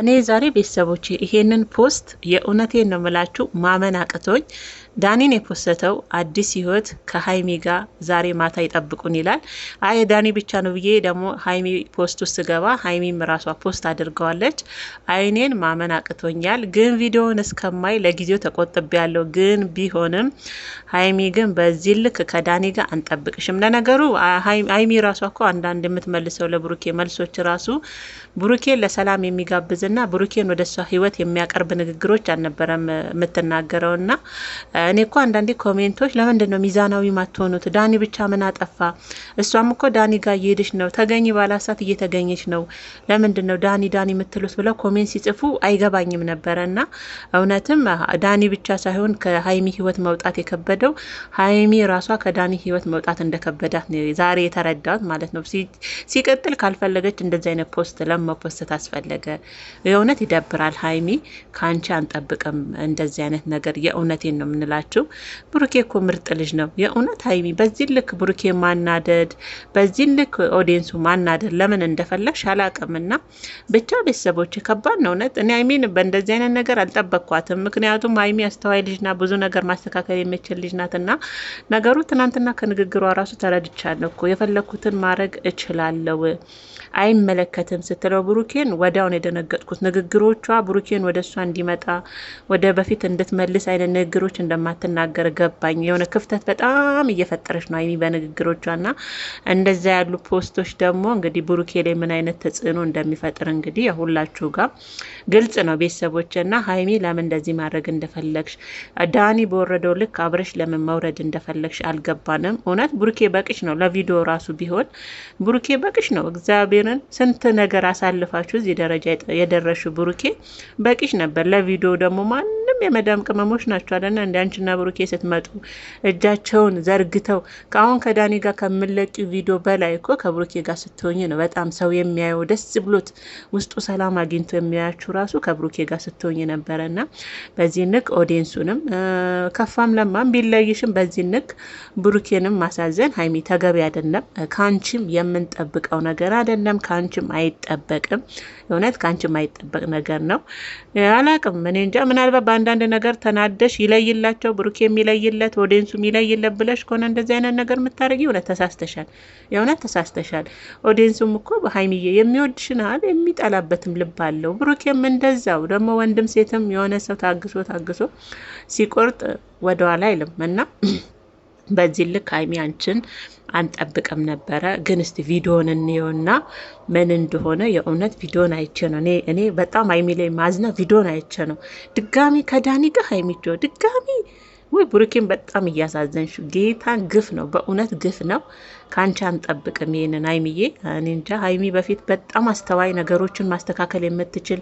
እኔ ዛሬ ቤተሰቦች ይሄንን ፖስት የእውነቴን ነው የምላችሁ ማመን አቅቶኝ ዳኒን የፖሰተው አዲስ ህይወት ከሀይሚ ጋር ዛሬ ማታ ይጠብቁን ይላል። አይ ዳኒ ብቻ ነው ብዬ ደግሞ ሀይሚ ፖስት ውስጥ ገባ፣ ሀይሚም ራሷ ፖስት አድርገዋለች። አይኔን ማመን አቅቶኛል፣ ግን ቪዲዮውን እስከማይ ለጊዜው ተቆጥቤ ያለው ግን ቢሆንም ሀይሚ ግን በዚህ ልክ ከዳኒ ጋር አንጠብቅሽም። ለነገሩ ሀይሚ ራሷ እኮ አንዳንድ የምትመልሰው ለብሩኬ መልሶች ራሱ ብሩኬን ለሰላም የሚጋብዝና ብሩኬን ወደ ህይወት የሚያቀርብ ንግግሮች አልነበረም የምትናገረውና እኔ እኮ አንዳንዴ ኮሜንቶች ለምንድን ነው ሚዛናዊ ማትሆኑት? ዳኒ ብቻ ምን አጠፋ? እሷም እኮ ዳኒ ጋር እየሄደች ነው። ተገኝ ባላሳት እየተገኘች ነው። ለምንድን ነው ዳኒ ዳኒ የምትሉት? ብለው ኮሜንት ሲጽፉ አይገባኝም ነበረ እና እውነትም ዳኒ ብቻ ሳይሆን ከሀይሚ ህይወት መውጣት የከበደው ሀይሚ ራሷ ከዳኒ ህይወት መውጣት እንደከበዳት ዛሬ የተረዳት ማለት ነው። ሲቀጥል ካልፈለገች እንደዚህ አይነት ፖስት ለመፖስት ታስፈለገ? የእውነት ይደብራል። ሀይሚ ከአንቺ አንጠብቅም እንደዚህ አይነት ነገር። የእውነቴን ነው የምንለው ትላችሁ። ብሩኬ እኮ ምርጥ ልጅ ነው የእውነት ሀይሚ። በዚህ ልክ ብሩኬ ማናደድ፣ በዚህ ልክ ኦዲየንሱ ማናደድ ለምን እንደፈለግሽ አላቅምና ብቻ ቤተሰቦች ከባድ ነው እውነት። እኔ ሀይሚን በእንደዚህ አይነት ነገር አልጠበቅኳትም። ምክንያቱም ሀይሚ አስተዋይ ልጅና ብዙ ነገር ማስተካከል የምችል ልጅ ናት። ነገሩ ትናንትና ከንግግሯ ራሱ ተረድቻለሁ እኮ የፈለግኩትን ማድረግ እችላለሁ አይመለከትም ስትለው ብሩኬን ወዲያውን የደነገጥኩት ንግግሮቿ ብሩኬን ወደ እሷ እንዲመጣ ወደ በፊት እንድትመልስ አይነት ንግግሮች እንደ እንደማትናገር ገባኝ። የሆነ ክፍተት በጣም እየፈጠረች ነው ሀይሚ በንግግሮቿ ና እንደዛ ያሉ ፖስቶች ደግሞ እንግዲህ ብሩኬ ላይ ምን አይነት ተጽዕኖ እንደሚፈጥር እንግዲህ የሁላችሁ ጋር ግልጽ ነው ቤተሰቦች ና ሀይሚ ለምን እንደዚህ ማድረግ እንደፈለግሽ ዳኒ በወረደው ልክ አብረሽ ለምን መውረድ እንደፈለግሽ አልገባንም። እውነት ብሩኬ በቅሽ ነው ለቪዲዮ ራሱ ቢሆን ብሩኬ በቅሽ ነው። እግዚአብሔርን ስንት ነገር አሳልፋችሁ እዚህ ደረጃ የደረሹ ብሩኬ በቂሽ ነበር። ለቪዲዮ ደግሞ ማን የመዳም ቅመሞች ናቸው አለና እንደ አንቺና ብሩኬ ስትመጡ እጃቸውን ዘርግተው ከአሁን ከዳኒ ጋር ከምለቂ ቪዲዮ በላይ እኮ ከብሩኬ ጋር ስትሆኝ ነው በጣም ሰው የሚያየው ደስ ብሎት ውስጡ ሰላም አግኝቶ የሚያያችሁ ራሱ ከብሩኬ ጋር ስትሆኝ ነበረ እና በዚህ ንቅ ኦዲንሱንም ከፋም ለማም ቢለይሽም በዚህ ንቅ ብሩኬንም ማሳዘን ሀይሚ ተገቢ አይደለም። ከአንቺም የምንጠብቀው ነገር አይደለም። ከአንቺም አይጠበቅም። እውነት ከአንቺም አይጠበቅ ነገር ነው። አላቅም እኔ እንጃ ምናልባት በአንድ አንዳንድ ነገር ተናደሽ ይለይላቸው፣ ብሩኬ የሚለይለት ኦዲንሱ የሚለይለት ብለሽ ከሆነ እንደዚህ አይነት ነገር የምታደርጊ እውነት ተሳስተሻል፣ የእውነት ተሳስተሻል። ኦዲንሱም እኮ በሀይሚዬ የሚወድሽን ያህል የሚጠላበትም ልብ አለው። ብሩኬም እንደዛው ደግሞ ወንድም ሴትም የሆነ ሰው ታግሶ ታግሶ ሲቆርጥ ወደኋላ አይልም እና በዚህ ልክ ሀይሚ አንቺን አንጠብቅም ነበረ። ግን እስቲ ቪዲዮን እንየውና ምን እንደሆነ የእውነት ቪዲዮን አይቼ ነው እኔ እኔ በጣም ሀይሚ ላይ ማዝና ቪዲዮን አይቼ ነው ድጋሚ ከዳኒ ጋር ሀይሚቾ ድጋሚ ወይ ብሩኬን በጣም እያሳዘንሽ ጌታን ግፍ ነው፣ በእውነት ግፍ ነው። ከአንቺ አንጠብቅም ይህንን ሀይሚዬ። እኔ እንጃ ሀይሚ በፊት በጣም አስተዋይ፣ ነገሮችን ማስተካከል የምትችል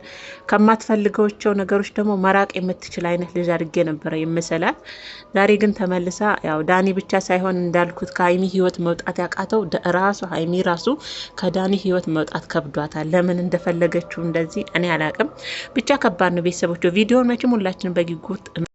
ከማትፈልገቸው ነገሮች ደግሞ መራቅ የምትችል አይነት ልጅ አድርጌ ነበረ የምሰላት። ዛሬ ግን ተመልሳ ያው ዳኒ ብቻ ሳይሆን እንዳልኩት ከሀይሚ ህይወት መውጣት ያቃተው ራሱ ሀይሚ ራሱ ከዳኒ ህይወት መውጣት ከብዷታል። ለምን እንደፈለገችው እንደዚህ እኔ አላቅም። ብቻ ከባድ ነው ቤተሰቦች። ቪዲዮን መቼም ሁላችን በጉጉት